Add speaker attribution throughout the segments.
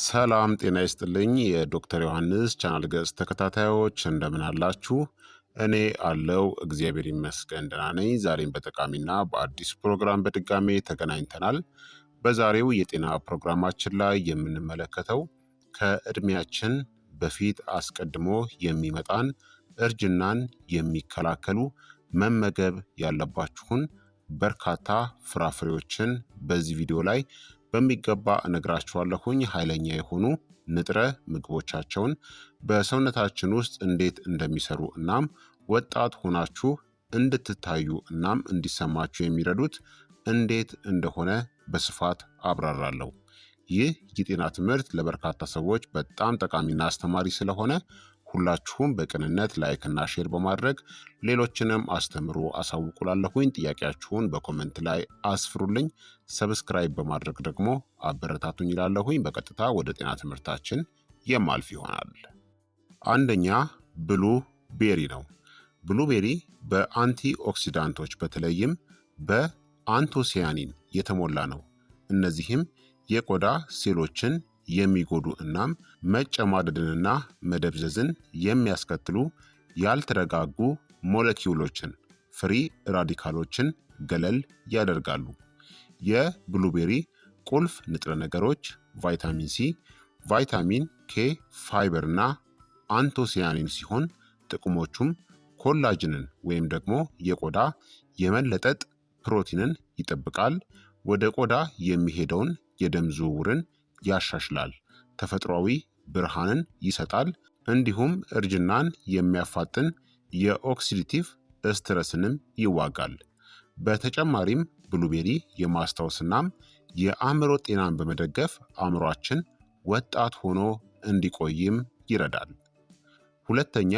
Speaker 1: ሰላም ጤና ይስጥልኝ። የዶክተር ዮሐንስ ቻናል ገጽ ተከታታዮች እንደምን አላችሁ? እኔ አለው እግዚአብሔር ይመስገን ደህና ነኝ። ዛሬም በጠቃሚና በአዲስ ፕሮግራም በድጋሜ ተገናኝተናል። በዛሬው የጤና ፕሮግራማችን ላይ የምንመለከተው ከእድሜያችን በፊት አስቀድሞ የሚመጣን እርጅናን የሚከላከሉ መመገብ ያለባችሁን በርካታ ፍራፍሬዎችን በዚህ ቪዲዮ ላይ በሚገባ እነግራችኋለሁኝ። ኃይለኛ የሆኑ ንጥረ ምግቦቻቸውን በሰውነታችን ውስጥ እንዴት እንደሚሰሩ እናም ወጣት ሆናችሁ እንድትታዩ እናም እንዲሰማችሁ የሚረዱት እንዴት እንደሆነ በስፋት አብራራለሁ። ይህ የጤና ትምህርት ለበርካታ ሰዎች በጣም ጠቃሚና አስተማሪ ስለሆነ ሁላችሁም በቅንነት ላይክና ሼር በማድረግ ሌሎችንም አስተምሩ አሳውቁላለሁኝ። ጥያቄያችሁን በኮመንት ላይ አስፍሩልኝ። ሰብስክራይብ በማድረግ ደግሞ አበረታቱኝ ይላለሁኝ። በቀጥታ ወደ ጤና ትምህርታችን የማልፍ ይሆናል። አንደኛ ብሉ ቤሪ ነው። ብሉ ቤሪ በአንቲ ኦክሲዳንቶች በተለይም በአንቶሲያኒን የተሞላ ነው። እነዚህም የቆዳ ሴሎችን የሚጎዱ እናም መጨማደድንና መደብዘዝን የሚያስከትሉ ያልተረጋጉ ሞለኪውሎችን ፍሪ ራዲካሎችን ገለል ያደርጋሉ። የብሉቤሪ ቁልፍ ንጥረ ነገሮች ቫይታሚን ሲ፣ ቫይታሚን ኬ፣ ፋይበር እና አንቶሲያኒን ሲሆን ጥቅሞቹም ኮላጅንን ወይም ደግሞ የቆዳ የመለጠጥ ፕሮቲንን ይጠብቃል። ወደ ቆዳ የሚሄደውን የደም ዝውውርን ያሻሽላል፣ ተፈጥሯዊ ብርሃንን ይሰጣል፣ እንዲሁም እርጅናን የሚያፋጥን የኦክሲዲቲቭ ስትረስንም ይዋጋል። በተጨማሪም ብሉቤሪ የማስታወስናም የአእምሮ ጤናን በመደገፍ አእምሯችን ወጣት ሆኖ እንዲቆይም ይረዳል። ሁለተኛ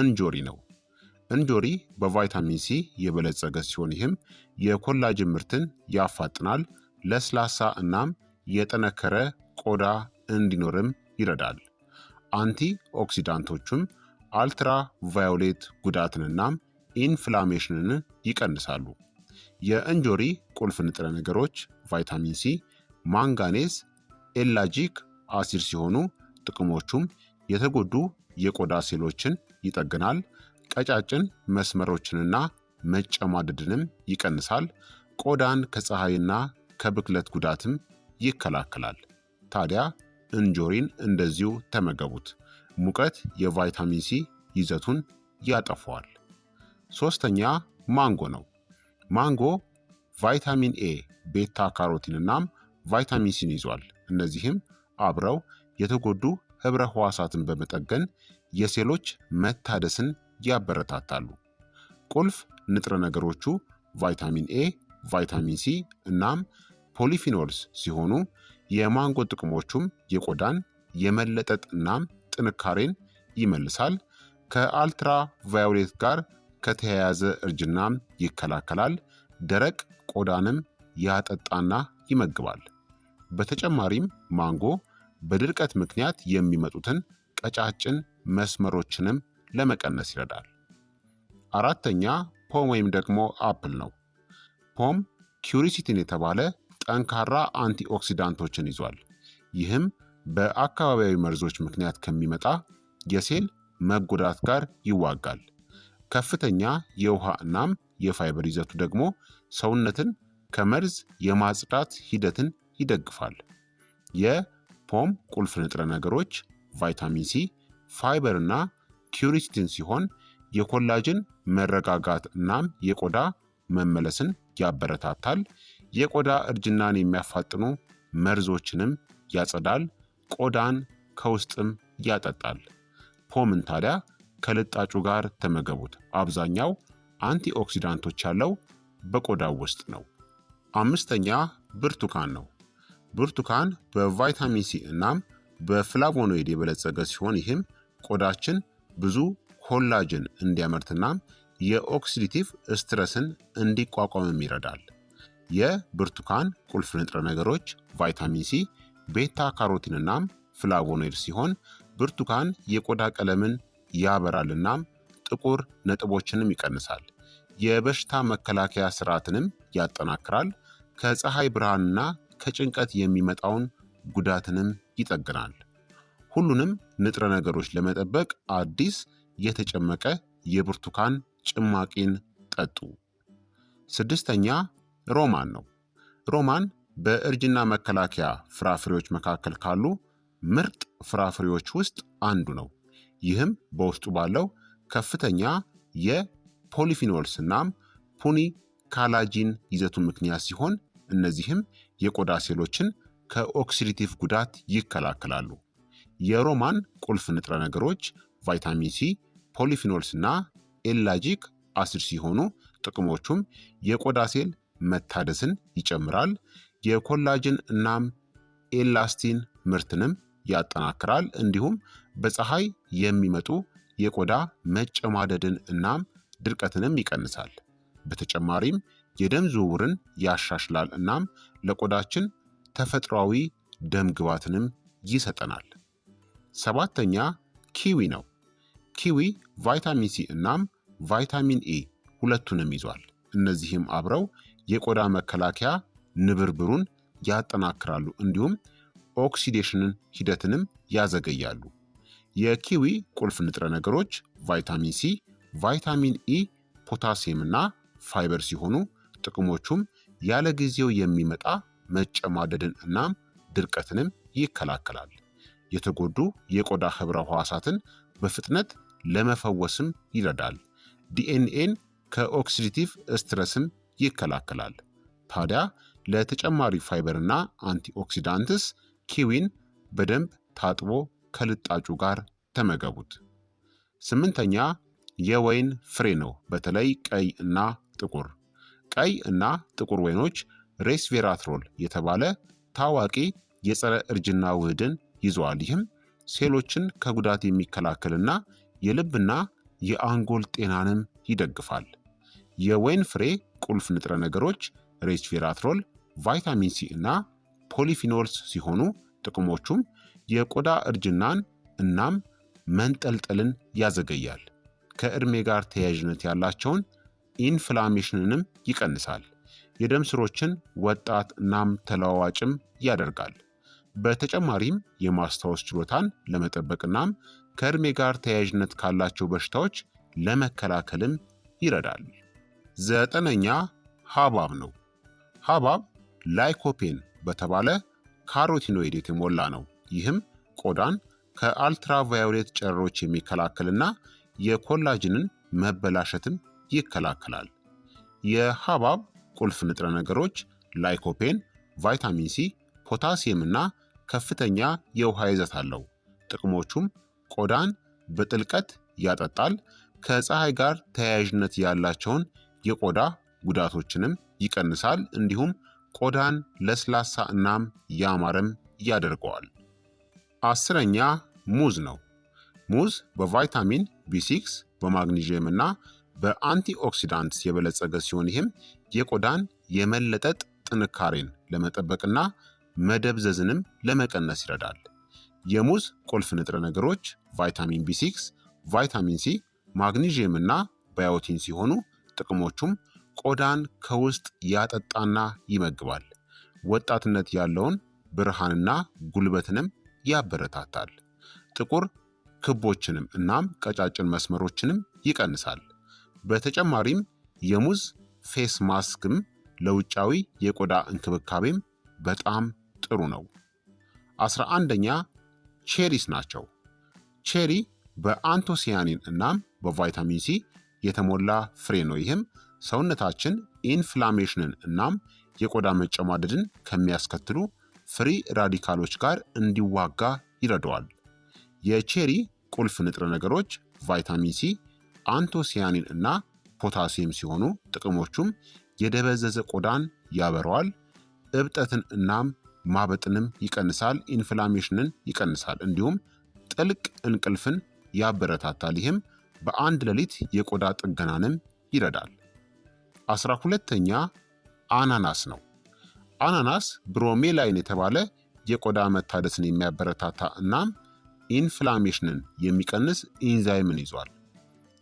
Speaker 1: እንጆሪ ነው። እንጆሪ በቫይታሚን ሲ የበለጸገ ሲሆን ይህም የኮላጅን ምርትን ያፋጥናል፣ ለስላሳ እናም የጠነከረ ቆዳ እንዲኖርም ይረዳል። አንቲ ኦክሲዳንቶቹም አልትራ ቫዮሌት ጉዳትንና ኢንፍላሜሽንን ይቀንሳሉ። የእንጆሪ ቁልፍ ንጥረ ነገሮች ቫይታሚን ሲ፣ ማንጋኔዝ፣ ኤላጂክ አሲድ ሲሆኑ ጥቅሞቹም የተጎዱ የቆዳ ሴሎችን ይጠግናል፣ ቀጫጭን መስመሮችንና መጨማደድንም ይቀንሳል፣ ቆዳን ከፀሐይና ከብክለት ጉዳትም ይከላከላል። ታዲያ እንጆሪን እንደዚሁ ተመገቡት። ሙቀት የቫይታሚን ሲ ይዘቱን ያጠፈዋል። ሶስተኛ ማንጎ ነው። ማንጎ ቫይታሚን ኤ፣ ቤታ ካሮቲን እናም ቫይታሚን ሲን ይዟል። እነዚህም አብረው የተጎዱ ህብረ ህዋሳትን በመጠገን የሴሎች መታደስን ያበረታታሉ። ቁልፍ ንጥረ ነገሮቹ ቫይታሚን ኤ፣ ቫይታሚን ሲ እናም ፖሊፊኖልስ ሲሆኑ የማንጎ ጥቅሞቹም የቆዳን የመለጠጥና ጥንካሬን ይመልሳል። ከአልትራ ቫዮሌት ጋር ከተያያዘ እርጅናም ይከላከላል። ደረቅ ቆዳንም ያጠጣና ይመግባል። በተጨማሪም ማንጎ በድርቀት ምክንያት የሚመጡትን ቀጫጭን መስመሮችንም ለመቀነስ ይረዳል። አራተኛ ፖም ወይም ደግሞ አፕል ነው። ፖም ኪሪሲቲን የተባለ ጠንካራ አንቲኦክሲዳንቶችን ይዟል። ይህም በአካባቢያዊ መርዞች ምክንያት ከሚመጣ የሴል መጎዳት ጋር ይዋጋል። ከፍተኛ የውሃ እናም የፋይበር ይዘቱ ደግሞ ሰውነትን ከመርዝ የማጽዳት ሂደትን ይደግፋል። የፖም ቁልፍ ንጥረ ነገሮች ቫይታሚን ሲ፣ ፋይበር እና ኪሪስቲን ሲሆን የኮላጅን መረጋጋት እናም የቆዳ መመለስን ያበረታታል። የቆዳ እርጅናን የሚያፋጥኑ መርዞችንም ያጸዳል፣ ቆዳን ከውስጥም ያጠጣል። ፖምን ታዲያ ከልጣጩ ጋር ተመገቡት። አብዛኛው አንቲኦክሲዳንቶች ያለው በቆዳው ውስጥ ነው። አምስተኛ ብርቱካን ነው። ብርቱካን በቫይታሚን ሲ እናም በፍላቮኖይድ የበለጸገ ሲሆን ይህም ቆዳችን ብዙ ኮላጅን እንዲያመርትናም የኦክሲዲቲቭ ስትረስን እንዲቋቋምም ይረዳል። የብርቱካን ቁልፍ ንጥረ ነገሮች ቫይታሚን ሲ፣ ቤታ ካሮቲን እናም ፍላቮኖይድ ሲሆን ብርቱካን የቆዳ ቀለምን ያበራል እናም ጥቁር ነጥቦችንም ይቀንሳል። የበሽታ መከላከያ ስርዓትንም ያጠናክራል። ከፀሐይ ብርሃንና ከጭንቀት የሚመጣውን ጉዳትንም ይጠግናል። ሁሉንም ንጥረ ነገሮች ለመጠበቅ አዲስ የተጨመቀ የብርቱካን ጭማቂን ጠጡ። ስድስተኛ ሮማን ነው። ሮማን በእርጅና መከላከያ ፍራፍሬዎች መካከል ካሉ ምርጥ ፍራፍሬዎች ውስጥ አንዱ ነው። ይህም በውስጡ ባለው ከፍተኛ የፖሊፊኖልስ እናም ፑኒ ካላጂን ይዘቱ ምክንያት ሲሆን እነዚህም የቆዳ ሴሎችን ከኦክሲዲቲቭ ጉዳት ይከላከላሉ። የሮማን ቁልፍ ንጥረ ነገሮች ቫይታሚን ሲ፣ ፖሊፊኖልስ እና ኤላጂክ አሲድ ሲሆኑ ጥቅሞቹም የቆዳ ሴል መታደስን ይጨምራል። የኮላጅን እናም ኤላስቲን ምርትንም ያጠናክራል። እንዲሁም በፀሐይ የሚመጡ የቆዳ መጨማደድን እናም ድርቀትንም ይቀንሳል። በተጨማሪም የደም ዝውውርን ያሻሽላል እናም ለቆዳችን ተፈጥሯዊ ደም ግባትንም ይሰጠናል። ሰባተኛ ኪዊ ነው። ኪዊ ቫይታሚን ሲ እናም ቫይታሚን ኤ ሁለቱንም ይዟል። እነዚህም አብረው የቆዳ መከላከያ ንብርብሩን ያጠናክራሉ፣ እንዲሁም ኦክሲዴሽንን ሂደትንም ያዘገያሉ። የኪዊ ቁልፍ ንጥረ ነገሮች ቫይታሚን ሲ፣ ቫይታሚን ኢ፣ ፖታሲየም እና ፋይበር ሲሆኑ ጥቅሞቹም ያለ ጊዜው የሚመጣ መጨማደድን እናም ድርቀትንም ይከላከላል። የተጎዱ የቆዳ ህብረ ህዋሳትን በፍጥነት ለመፈወስም ይረዳል። ዲኤንኤን ከኦክሲዲቲቭ ስትረስም ይከላከላል። ታዲያ ለተጨማሪ ፋይበርና አንቲኦክሲዳንትስ ኪዊን በደንብ ታጥቦ ከልጣጩ ጋር ተመገቡት። ስምንተኛ የወይን ፍሬ ነው። በተለይ ቀይ እና ጥቁር። ቀይ እና ጥቁር ወይኖች ሬስቬራትሮል የተባለ ታዋቂ የጸረ እርጅና ውህድን ይዘዋል። ይህም ሴሎችን ከጉዳት የሚከላከልና የልብና የአንጎል ጤናንም ይደግፋል። የወይን ፍሬ ቁልፍ ንጥረ ነገሮች ሬስቪራትሮል፣ ቫይታሚን ሲ እና ፖሊፊኖልስ ሲሆኑ ጥቅሞቹም የቆዳ እርጅናን እናም መንጠልጠልን ያዘገያል። ከእድሜ ጋር ተያያዥነት ያላቸውን ኢንፍላሜሽንንም ይቀንሳል። የደም ስሮችን ወጣት እናም ተለዋዋጭም ያደርጋል። በተጨማሪም የማስታወስ ችሎታን ለመጠበቅ እናም ከእድሜ ጋር ተያያዥነት ካላቸው በሽታዎች ለመከላከልም ይረዳል። ዘጠነኛ ሐብሐብ ነው። ሐብሐብ ላይኮፔን በተባለ ካሮቲኖይድ የተሞላ ነው። ይህም ቆዳን ከአልትራቫዮሌት ጨረሮች የሚከላከልና የኮላጅንን መበላሸትም ይከላከላል። የሐብሐብ ቁልፍ ንጥረ ነገሮች ላይኮፔን፣ ቫይታሚን ሲ፣ ፖታሲየም እና ከፍተኛ የውሃ ይዘት አለው። ጥቅሞቹም ቆዳን በጥልቀት ያጠጣል፣ ከፀሐይ ጋር ተያያዥነት ያላቸውን የቆዳ ጉዳቶችንም ይቀንሳል። እንዲሁም ቆዳን ለስላሳ እናም ያማረም ያደርገዋል። አስረኛ ሙዝ ነው። ሙዝ በቫይታሚን ቢ6 በማግኒዥየም እና በአንቲኦክሲዳንትስ የበለጸገ ሲሆን ይህም የቆዳን የመለጠጥ ጥንካሬን ለመጠበቅና መደብዘዝንም ለመቀነስ ይረዳል። የሙዝ ቁልፍ ንጥረ ነገሮች ቫይታሚን ቢ6፣ ቫይታሚን ሲ፣ ማግኒዥየም እና ባዮቲን ሲሆኑ ጥቅሞቹም ቆዳን ከውስጥ ያጠጣና ይመግባል። ወጣትነት ያለውን ብርሃንና ጉልበትንም ያበረታታል። ጥቁር ክቦችንም እናም ቀጫጭን መስመሮችንም ይቀንሳል። በተጨማሪም የሙዝ ፌስ ማስክም ለውጫዊ የቆዳ እንክብካቤም በጣም ጥሩ ነው። አስራ አንደኛ ቼሪስ ናቸው። ቼሪ በአንቶሲያኒን እናም በቫይታሚን ሲ የተሞላ ፍሬ ነው። ይህም ሰውነታችን ኢንፍላሜሽንን እናም የቆዳ መጨማደድን ከሚያስከትሉ ፍሪ ራዲካሎች ጋር እንዲዋጋ ይረዳዋል። የቼሪ ቁልፍ ንጥረ ነገሮች ቫይታሚን ሲ፣ አንቶሲያኒን እና ፖታሲየም ሲሆኑ ጥቅሞቹም የደበዘዘ ቆዳን ያበረዋል፣ እብጠትን እናም ማበጥንም ይቀንሳል፣ ኢንፍላሜሽንን ይቀንሳል፣ እንዲሁም ጥልቅ እንቅልፍን ያበረታታል። ይህም በአንድ ሌሊት የቆዳ ጥገናንም ይረዳል። አስራ ሁለተኛ አናናስ ነው። አናናስ ብሮሜላይን የተባለ የቆዳ መታደስን የሚያበረታታ እናም ኢንፍላሜሽንን የሚቀንስ ኢንዛይምን ይዟል።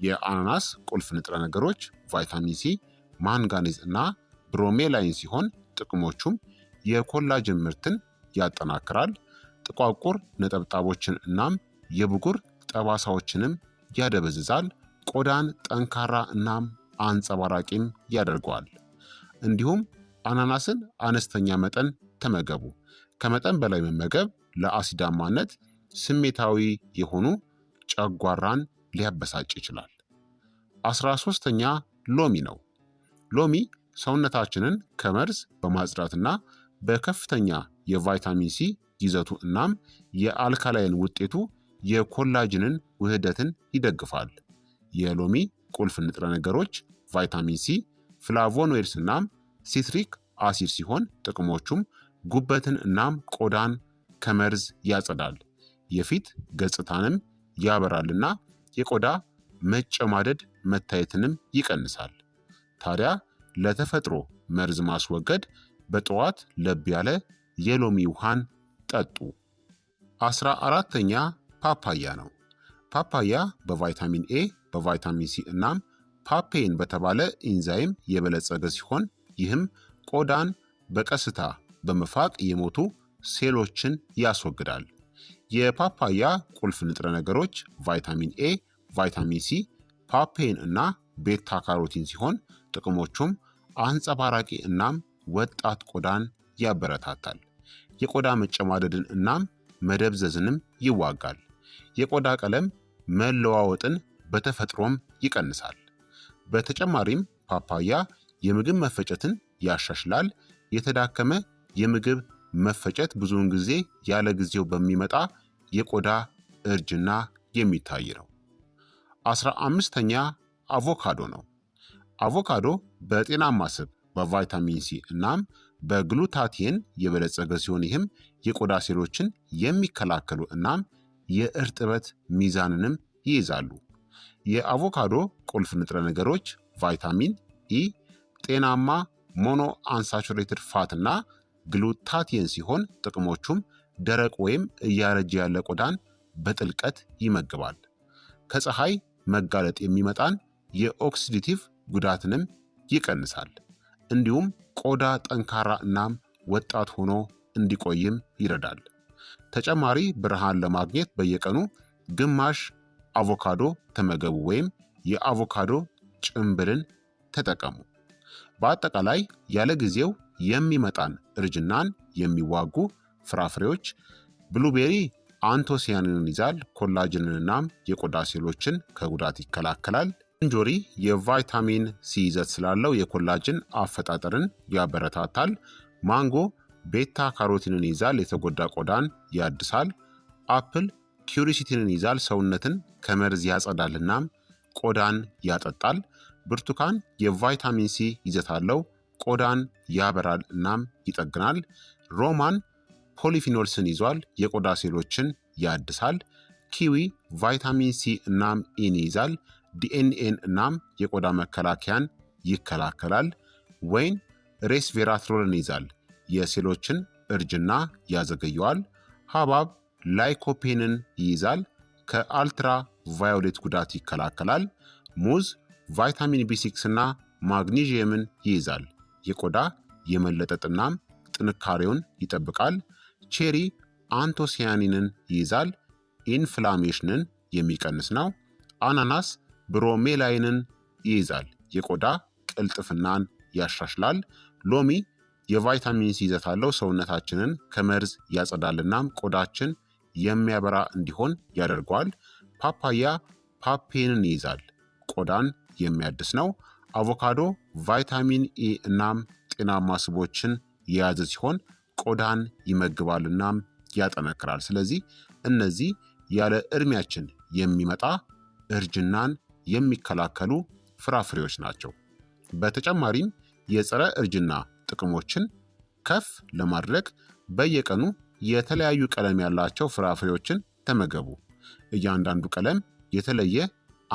Speaker 1: የአናናስ ቁልፍ ንጥረ ነገሮች ቫይታሚን ሲ፣ ማንጋኒዝ እና ብሮሜላይን ሲሆን ጥቅሞቹም የኮላጅን ምርትን ያጠናክራል፣ ጥቋቁር ነጠብጣቦችን እናም የብጉር ጠባሳዎችንም ያደበዝዛል፣ ቆዳን ጠንካራ እናም አንጸባራቂም ያደርገዋል። እንዲሁም አናናስን አነስተኛ መጠን ተመገቡ። ከመጠን በላይ መመገብ ለአሲዳማነት፣ ስሜታዊ የሆኑ ጨጓራን ሊያበሳጭ ይችላል። አስራ ሶስተኛ ሎሚ ነው። ሎሚ ሰውነታችንን ከመርዝ በማጽዳትና በከፍተኛ የቫይታሚን ሲ ይዘቱ እናም የአልካላይን ውጤቱ የኮላጅንን ውህደትን ይደግፋል። የሎሚ ቁልፍ ንጥረ ነገሮች ቫይታሚን ሲ፣ ፍላቮኖይድስ እናም ሲትሪክ አሲድ ሲሆን ጥቅሞቹም ጉበትን እናም ቆዳን ከመርዝ ያጸዳል፣ የፊት ገጽታንም ያበራልና የቆዳ መጨማደድ መታየትንም ይቀንሳል። ታዲያ ለተፈጥሮ መርዝ ማስወገድ በጠዋት ለብ ያለ የሎሚ ውሃን ጠጡ። አስራ አራተኛ ፓፓያ ነው። ፓፓያ በቫይታሚን ኤ፣ በቫይታሚን ሲ እናም ፓፔን በተባለ ኢንዛይም የበለጸገ ሲሆን ይህም ቆዳን በቀስታ በመፋቅ የሞቱ ሴሎችን ያስወግዳል። የፓፓያ ቁልፍ ንጥረ ነገሮች ቫይታሚን ኤ፣ ቫይታሚን ሲ፣ ፓፔን እና ቤታ ካሮቲን ሲሆን ጥቅሞቹም አንጸባራቂ እናም ወጣት ቆዳን ያበረታታል። የቆዳ መጨማደድን እናም መደብዘዝንም ይዋጋል። የቆዳ ቀለም መለዋወጥን በተፈጥሮም ይቀንሳል። በተጨማሪም ፓፓያ የምግብ መፈጨትን ያሻሽላል። የተዳከመ የምግብ መፈጨት ብዙውን ጊዜ ያለ ጊዜው በሚመጣ የቆዳ እርጅና የሚታይ ነው። አስራ አምስተኛ አቮካዶ ነው። አቮካዶ በጤናማ ስብ በቫይታሚን ሲ እናም በግሉታቲን የበለጸገ ሲሆን ይህም የቆዳ ሴሎችን የሚከላከሉ እናም የእርጥበት ሚዛንንም ይይዛሉ። የአቮካዶ ቁልፍ ንጥረ ነገሮች ቫይታሚን ኢ፣ ጤናማ ሞኖ አንሳቹሬትድ ፋትና ግሉታቲየን ሲሆን ጥቅሞቹም ደረቅ ወይም እያረጀ ያለ ቆዳን በጥልቀት ይመግባል። ከፀሐይ መጋለጥ የሚመጣን የኦክሲዲቲቭ ጉዳትንም ይቀንሳል። እንዲሁም ቆዳ ጠንካራ እናም ወጣት ሆኖ እንዲቆይም ይረዳል። ተጨማሪ ብርሃን ለማግኘት በየቀኑ ግማሽ አቮካዶ ተመገቡ ወይም የአቮካዶ ጭምብልን ተጠቀሙ። በአጠቃላይ ያለ ጊዜው የሚመጣን እርጅናን የሚዋጉ ፍራፍሬዎች ብሉቤሪ አንቶሲያንን ይዛል፣ ኮላጅንንናም የቆዳ ሴሎችን ከጉዳት ይከላከላል። እንጆሪ የቫይታሚን ሲ ይዘት ስላለው የኮላጅን አፈጣጠርን ያበረታታል። ማንጎ ቤታ ካሮቲንን ይዛል፣ የተጎዳ ቆዳን ያድሳል። አፕል ኪሪሲቲንን ይዛል፣ ሰውነትን ከመርዝ ያጸዳል እናም ቆዳን ያጠጣል። ብርቱካን የቫይታሚን ሲ ይዘት አለው፣ ቆዳን ያበራል እናም ይጠግናል። ሮማን ፖሊፊኖልስን ይዟል፣ የቆዳ ሴሎችን ያድሳል። ኪዊ ቫይታሚን ሲ እናም ኢን ይዛል፣ ዲኤንኤን እናም የቆዳ መከላከያን ይከላከላል። ወይን ሬስቬራትሮልን ይዛል የሴሎችን እርጅና ያዘገየዋል። ሐብሐብ ላይኮፔንን ይይዛል፣ ከአልትራ ቫዮሌት ጉዳት ይከላከላል። ሙዝ ቫይታሚን ቢ6 እና ማግኒዥየምን ይይዛል፣ የቆዳ የመለጠጥናም ጥንካሬውን ይጠብቃል። ቼሪ አንቶሲያኒንን ይይዛል፣ ኢንፍላሜሽንን የሚቀንስ ነው። አናናስ ብሮሜላይንን ይይዛል፣ የቆዳ ቅልጥፍናን ያሻሽላል። ሎሚ የቫይታሚን ሲ ይዘት አለው። ሰውነታችንን ከመርዝ ያጸዳል፣ እናም ቆዳችን የሚያበራ እንዲሆን ያደርገዋል። ፓፓያ ፓፔንን ይይዛል፣ ቆዳን የሚያድስ ነው። አቮካዶ ቫይታሚን ኤ እናም ጤናማ ስቦችን የያዘ ሲሆን ቆዳን ይመግባል እናም ያጠነክራል። ስለዚህ እነዚህ ያለ እድሜያችን የሚመጣ እርጅናን የሚከላከሉ ፍራፍሬዎች ናቸው። በተጨማሪም የጸረ እርጅና ጥቅሞችን ከፍ ለማድረግ በየቀኑ የተለያዩ ቀለም ያላቸው ፍራፍሬዎችን ተመገቡ። እያንዳንዱ ቀለም የተለየ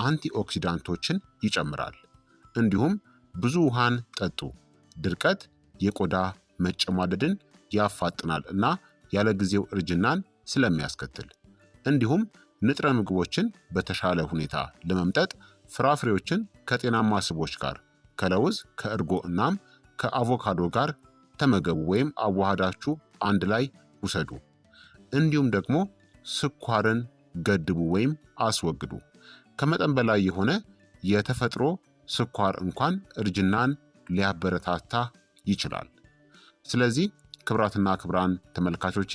Speaker 1: አንቲኦክሲዳንቶችን ይጨምራል። እንዲሁም ብዙ ውሃን ጠጡ። ድርቀት የቆዳ መጨማደድን ያፋጥናል እና ያለ ጊዜው እርጅናን ስለሚያስከትል እንዲሁም ንጥረ ምግቦችን በተሻለ ሁኔታ ለመምጠጥ ፍራፍሬዎችን ከጤናማ ስቦች ጋር ከለውዝ ከእርጎ እናም ከአቮካዶ ጋር ተመገቡ ወይም አዋሃዳችሁ አንድ ላይ ውሰዱ። እንዲሁም ደግሞ ስኳርን ገድቡ ወይም አስወግዱ። ከመጠን በላይ የሆነ የተፈጥሮ ስኳር እንኳን እርጅናን ሊያበረታታ ይችላል። ስለዚህ ክብራትና ክብራን ተመልካቾቼ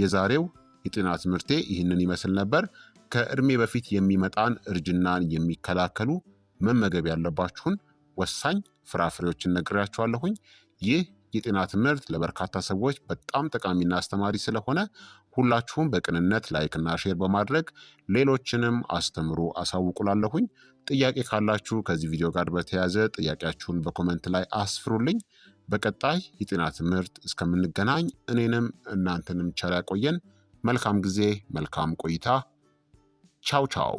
Speaker 1: የዛሬው የጤና ትምህርቴ ይህንን ይመስል ነበር። ከእድሜ በፊት የሚመጣን እርጅናን የሚከላከሉ መመገብ ያለባችሁን ወሳኝ ፍራፍሬዎችን ነግራችኋለሁኝ። ይህ የጤና ትምህርት ለበርካታ ሰዎች በጣም ጠቃሚና አስተማሪ ስለሆነ ሁላችሁም በቅንነት ላይክና ሼር በማድረግ ሌሎችንም አስተምሩ አሳውቁላለሁኝ። ጥያቄ ካላችሁ ከዚህ ቪዲዮ ጋር በተያያዘ ጥያቄያችሁን በኮመንት ላይ አስፍሩልኝ። በቀጣይ የጤና ትምህርት እስከምንገናኝ እኔንም እናንተንም ቸር ያቆየን። መልካም ጊዜ፣ መልካም ቆይታ። ቻው ቻው።